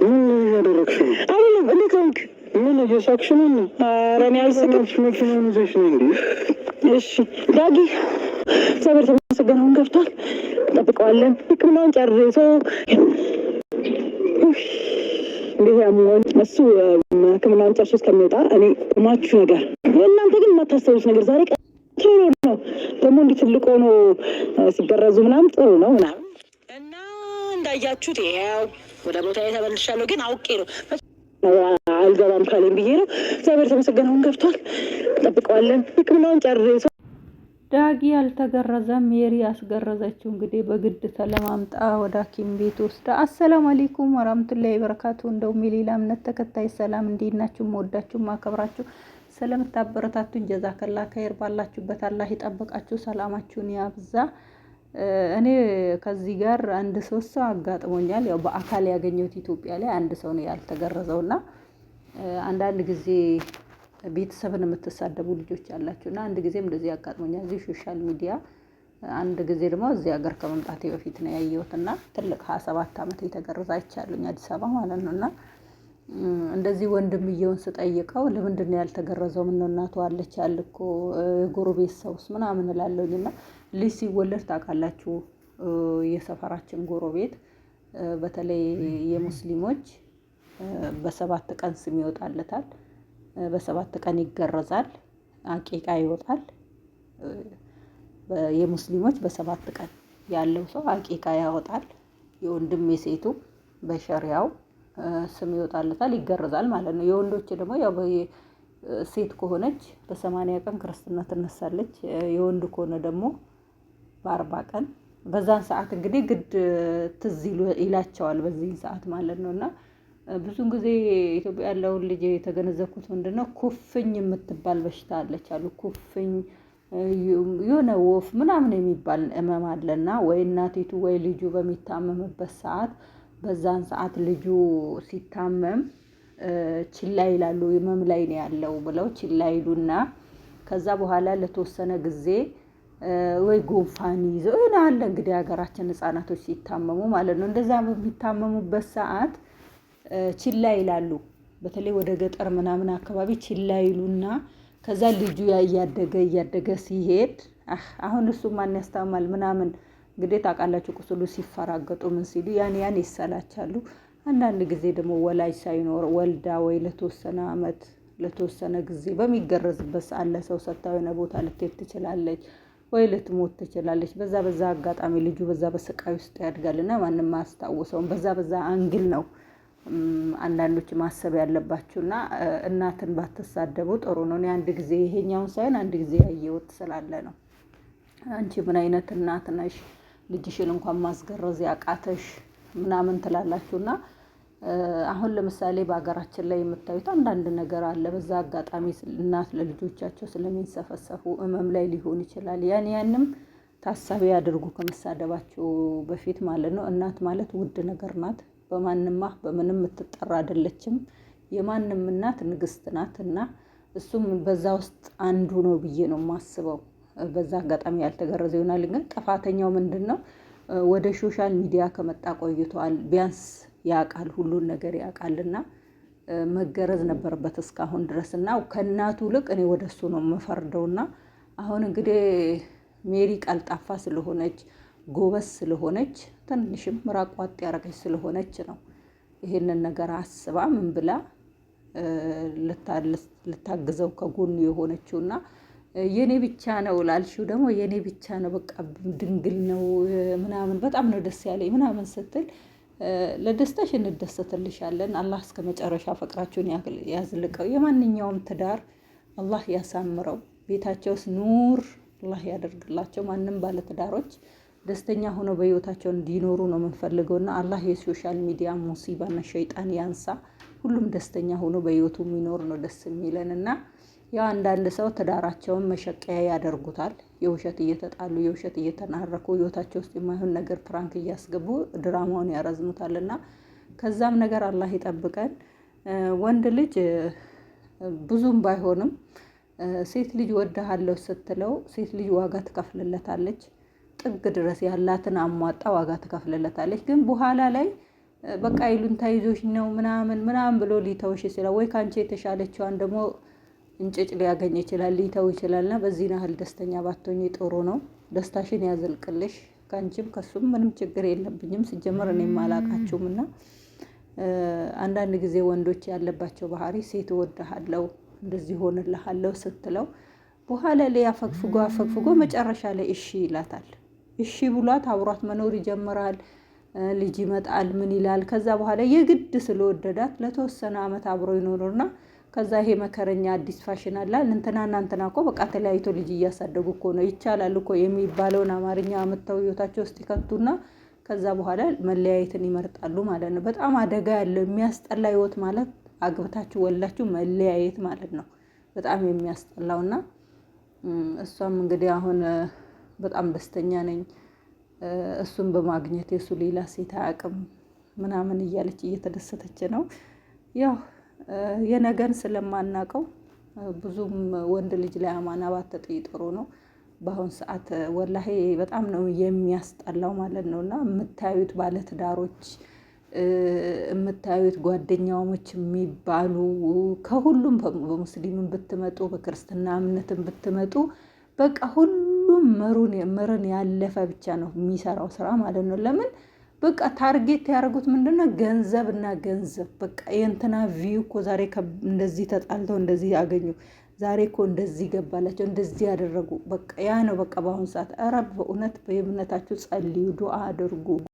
ምን እያደረግሽ ዳጊ እግዚአብሔር ተመሰገን፣ አሁን ገብቷል። ሕክምናውን ጨርሶ እንዲህ እሱ ሕክምናውን ጨርሶ እስከሚወጣ እኔ ማችሁ ነገር የእናንተ ግን የማታስተውሉት ነገር ዛሬ ደግሞ እንዲህ ትልቅ ሆኖ ሲገረዙ ምናምን ጥሩ ነው ምናምን እና እንዳያችሁት ያው ወደ ቦታ ተመልሻለሁ፣ ግን አውቄ ነው አልገባም ካለኝ ብዬ ነው። እግዚአብሔር ተመሰገነውን ገብቷል። ጠብቀዋለን ሕክምናውን ጨርሶ ዳጊ አልተገረዘም። ሜሪ አስገረዘችው። እንግዲህ በግድ ተለማምጣ ወደ ሐኪም ቤት ወስዳ። አሰላሙ አሌይኩም ወራምቱላይ በረካቱ። እንደውም የሌላ እምነት ተከታይ ሰላም፣ እንዴት መወዳችሁ ማከብራችሁ ስለምታበረታቱን ጀዛከላ ከይር ባላችሁበት አላህ ይጠብቃችሁ፣ ሰላማችሁን ያብዛ። እኔ ከዚህ ጋር አንድ ሶስት ሰው አጋጥሞኛል። ያው በአካል ያገኘሁት ኢትዮጵያ ላይ አንድ ሰው ነው ያልተገረዘው እና አንዳንድ ጊዜ ቤተሰብን የምትሳደቡ ልጆች አላችሁ እና አንድ ጊዜም እንደዚህ ያጋጥሞኛል እዚህ ሶሻል ሚዲያ አንድ ጊዜ ደግሞ እዚህ ሀገር ከመምጣቴ በፊት ነው ያየሁት እና ትልቅ ሀያ ሰባት ዓመት የተገረዘ አይቻለሁኝ አዲስ አበባ ማለት ነው እና እንደዚህ ወንድምየውን ስጠይቀው ለምንድን ነው ያልተገረዘው? ምን ነው እናቱ አለች ያልኩ ጎረቤት ሰውስ ምናምን እላለሁኝ። እና ልጅ ሲወለድ ታውቃላችሁ፣ የሰፈራችን ጎረቤት በተለይ የሙስሊሞች በሰባት ቀን ስም ይወጣለታል። በሰባት ቀን ይገረዛል፣ አቂቃ ይወጣል። የሙስሊሞች በሰባት ቀን ያለው ሰው አቂቃ ያወጣል። የወንድም የሴቱ በሸሪያው ስም ይወጣለታል፣ ይገረዛል ማለት ነው። የወንዶች ደግሞ ያው በሴት ከሆነች በሰማንያ ቀን ክርስትና ትነሳለች። የወንድ ከሆነ ደግሞ በአርባ ቀን በዛን ሰዓት እንግዲህ ግድ ትዝ ይላቸዋል በዚህን ሰዓት ማለት ነው። እና ብዙን ጊዜ ኢትዮጵያ ያለውን ልጅ የተገነዘብኩት ምንድን ነው ኩፍኝ የምትባል በሽታ አለች አሉ። ኩፍኝ የሆነ ወፍ ምናምን የሚባል እመም አለና ወይ እናቲቱ ወይ ልጁ በሚታመምበት ሰዓት በዛን ሰዓት ልጁ ሲታመም ችላ ይላሉ። ህመም ላይ ነው ያለው ብለው ችላ ይሉና ከዛ በኋላ ለተወሰነ ጊዜ ወይ ጉንፋን ይዘው ይሆን አለ እንግዲህ ሀገራችን ህጻናቶች ሲታመሙ ማለት ነው። እንደዛ በሚታመሙበት ሰዓት ችላ ይላሉ። በተለይ ወደ ገጠር ምናምን አካባቢ ችላ ይሉና ከዛ ልጁ እያደገ እያደገ ሲሄድ አሁን እሱ ማን ያስታማል ምናምን ግዴ አውቃላችሁ ቁስሉ ሲፈራገጡ ምን ሲሉ ያን ያን ይሰላቻሉ። አንዳንድ ጊዜ ደግሞ ወላጅ ሳይኖር ወልዳ ወይ ለተወሰነ አመት ለተወሰነ ጊዜ በሚገረዝበት ሰዓት ለሰው ሰጥታ የሆነ ቦታ ልትሄድ ትችላለች ወይ ልትሞት ትችላለች። በዛ በዛ አጋጣሚ ልጁ በዛ በስቃይ ውስጥ ያድጋልና ማንም አያስታውሰውም። በዛ በዛ አንግል ነው አንዳንዶች ማሰብ ያለባችሁና እናትን ባትሳደቡ ጥሩ ነው። እኔ አንድ ጊዜ ይሄኛውን ሳይሆን አንድ ጊዜ ያየሁት ስላለ ነው። አንቺ ምን አይነት እናት ነሽ? ልጅሽን እንኳን ማስገረዝ ያቃተሽ ምናምን ትላላችሁና አሁን ለምሳሌ በሀገራችን ላይ የምታዩት አንዳንድ ነገር አለ። በዛ አጋጣሚ እናት ለልጆቻቸው ስለሚንሰፈሰፉ እመም ላይ ሊሆን ይችላል። ያን ያንም ታሳቢ ያድርጉ ከመሳደባቸው በፊት ማለት ነው። እናት ማለት ውድ ነገር ናት። በማንማ በምንም የምትጠራ አይደለችም። የማንም እናት ንግስት ናት እና እሱም በዛ ውስጥ አንዱ ነው ብዬ ነው የማስበው። በዛ አጋጣሚ ያልተገረዘ ይሆናል። ግን ጥፋተኛው ምንድን ነው? ወደ ሶሻል ሚዲያ ከመጣ ቆይተዋል። ቢያንስ ያውቃል፣ ሁሉን ነገር ያውቃልና መገረዝ ነበረበት እስካሁን ድረስ እና ከእናቱ ልቅ እኔ ወደ እሱ ነው የምፈርደውና አሁን እንግዲህ ሜሪ ቀልጣፋ ስለሆነች ጎበዝ ስለሆነች ትንሽም ምራቋጥ ያረገች ስለሆነች ነው ይሄንን ነገር አስባ ምን ብላ ልታግዘው ከጎኑ የሆነችውና የኔ ብቻ ነው ላልሽው ደግሞ የኔ ብቻ ነው በቃ ድንግል ነው ምናምን በጣም ነው ደስ ያለኝ ምናምን ስትል ለደስታሽ እንደሰትልሻለን። አላህ እስከ መጨረሻ ፍቅራችሁን ያዝልቀው። የማንኛውም ትዳር አላህ ያሳምረው። ቤታቸውስ ኑር አላህ ያደርግላቸው። ማንም ባለትዳሮች ደስተኛ ሆኖ በህይወታቸው እንዲኖሩ ነው የምንፈልገውና አላህ የሶሻል ሚዲያ ሙሲባና ሸይጣን ያንሳ። ሁሉም ደስተኛ ሆኖ በህይወቱ የሚኖር ነው ደስ የሚለንና ያው አንዳንድ ሰው ትዳራቸውን መሸቀያ ያደርጉታል። የውሸት እየተጣሉ የውሸት እየተናረኩ ህይወታቸው ውስጥ የማይሆን ነገር ፕራንክ እያስገቡ ድራማውን ያረዝሙታልና ከዛም ነገር አላህ ይጠብቀን። ወንድ ልጅ ብዙም ባይሆንም ሴት ልጅ ወድሃለሁ ስትለው ሴት ልጅ ዋጋ ትከፍልለታለች። ጥግ ድረስ ያላትን አሟጣ ዋጋ ትከፍልለታለች። ግን በኋላ ላይ በቃ ይሉንታ ነው ምናምን ምናምን ብሎ ሊተውሽ ይችላል ወይ ከአንቺ የተሻለችዋን ደግሞ እንጭጭ ሊያገኝ ይችላል፣ ሊተው ይችላል። እና በዚህ ያህል ደስተኛ ባትሆኝ ጥሩ ነው። ደስታሽን ያዘልቅልሽ። ከአንቺም ከሱም ምንም ችግር የለብኝም። ሲጀመር እኔም አላቃችሁም። እና አንዳንድ ጊዜ ወንዶች ያለባቸው ባህሪ ሴት እወድሃለሁ፣ እንደዚህ ሆንልሃለሁ ስትለው በኋላ ላይ አፈግፍጎ አፈግፍጎ መጨረሻ ላይ እሺ ይላታል። እሺ ብሏት አብሯት መኖር ይጀምራል። ልጅ ይመጣል፣ ምን ይላል። ከዛ በኋላ የግድ ስለወደዳት ለተወሰነ ዓመት አብሮ ይኖርና ከዛ ይሄ መከረኛ አዲስ ፋሽን አለ እንትና እናንትና እኮ በቃ ተለያይቶ ልጅ እያሳደጉ እኮ ነው ይቻላል እኮ የሚባለውን አማርኛ አምጥተው ህይወታቸው ውስጥ ይከቱና ከዛ በኋላ መለያየትን ይመርጣሉ ማለት ነው። በጣም አደጋ ያለው የሚያስጠላ ህይወት ማለት አግብታችሁ ወላችሁ መለያየት ማለት ነው። በጣም የሚያስጠላውና እሷም እንግዲህ አሁን በጣም ደስተኛ ነኝ እሱን በማግኘት የሱ ሌላ ሴት አያውቅም ምናምን እያለች እየተደሰተች ነው ያው የነገን ስለማናቀው ብዙም ወንድ ልጅ ላይ አማና ባትጥይ ጥሩ ነው። በአሁን ሰዓት ወላሂ በጣም ነው የሚያስጠላው ማለት ነው። እና የምታዩት ባለትዳሮች የምታዩት ጓደኛሞች የሚባሉ ከሁሉም በሙስሊምን ብትመጡ በክርስትና እምነትን ብትመጡ በቃ ሁሉም ምርን ያለፈ ብቻ ነው የሚሰራው ስራ ማለት ነው። ለምን በቃ ታርጌት ያደረጉት ምንድነው? ገንዘብ እና ገንዘብ በቃ የእንትና ቪው እኮ ዛሬ እንደዚህ ተጣልተው እንደዚህ ያገኙ ዛሬ እኮ እንደዚህ ገባላቸው፣ እንደዚህ ያደረጉ በቃ ያ ነው በቃ በአሁኑ ሰዓት። ኧረ በእውነት በእምነታችሁ ጸልዩ፣ ዱአ አድርጉ።